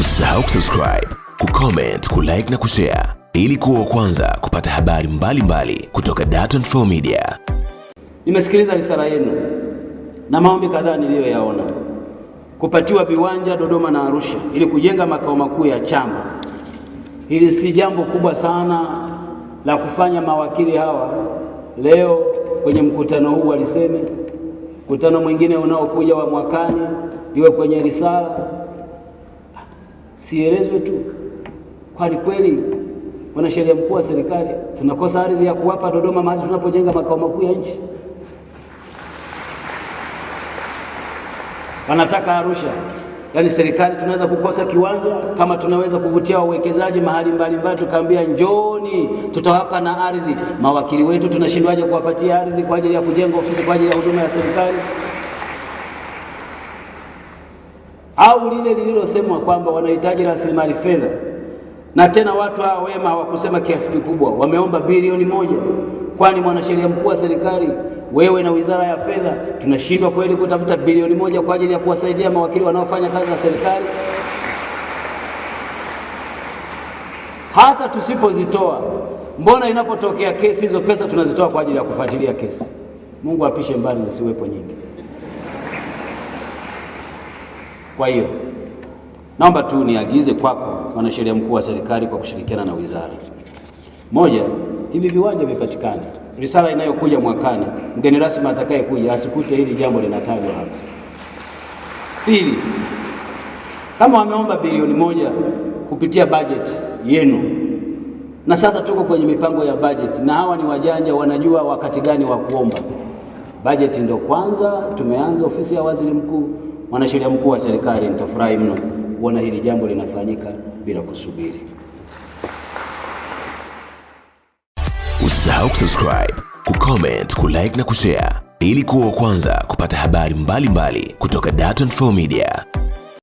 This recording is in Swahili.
Usisahau kusubscribe, kucomment, kulike na kushare ili kuwa kwanza kupata habari mbalimbali mbali kutoka Dar24 Media. Nimesikiliza risala yenu na maombi kadhaa niliyoyaona, kupatiwa viwanja Dodoma na Arusha ili kujenga makao makuu ya chama. Hili si jambo kubwa sana la kufanya mawakili hawa leo kwenye mkutano huu waliseme, mkutano mwingine unaokuja wa mwakani iwe kwenye risala sielezwe tu. Kweli wana sheria mkuu wa serikali, tunakosa ardhi ya kuwapa Dodoma mahali tunapojenga makao makuu ya nchi. Wanataka Arusha. Yaani serikali tunaweza kukosa kiwanja kama tunaweza kuvutia wawekezaji mahali mbalimbali, tukaambia njooni, tutawapa na ardhi. Mawakili wetu tunashindwaje kuwapatia ardhi kwa ajili ya kujenga ofisi kwa ajili ya huduma ya serikali? au lile lililosemwa kwamba wanahitaji rasilimali fedha. Na tena watu hawa wema hawakusema kiasi kikubwa, wameomba bilioni moja. Kwani mwanasheria mkuu wa serikali, wewe na wizara ya fedha, tunashindwa kweli kutafuta bilioni moja kwa ajili ya kuwasaidia mawakili wanaofanya kazi na serikali? Hata tusipozitoa mbona inapotokea kesi hizo pesa tunazitoa kwa ajili ya kufuatilia kesi? Mungu apishe mbali zisiwepo nyingi. Kwa hiyo naomba tu niagize kwako, mwanasheria mkuu wa serikali, kwa kushirikiana na wizara. Moja, hivi viwanja vipatikane. Risala inayokuja mwakani, mgeni rasmi atakayekuja asikute hili jambo linatajwa hapa. Pili, kama wameomba bilioni moja kupitia bajeti yenu, na sasa tuko kwenye mipango ya bajeti, na hawa ni wajanja, wanajua wakati gani wa kuomba bajeti. Ndio kwanza tumeanza ofisi ya waziri mkuu mwanasheria mkuu wa serikali, nitafurahi mno kuona hili jambo linafanyika bila kusubiri. Usisahau kusubscribe, kucomment, kulike na kushare ili kuwa wa kwanza kupata habari mbalimbali mbali kutoka Dar24 Media.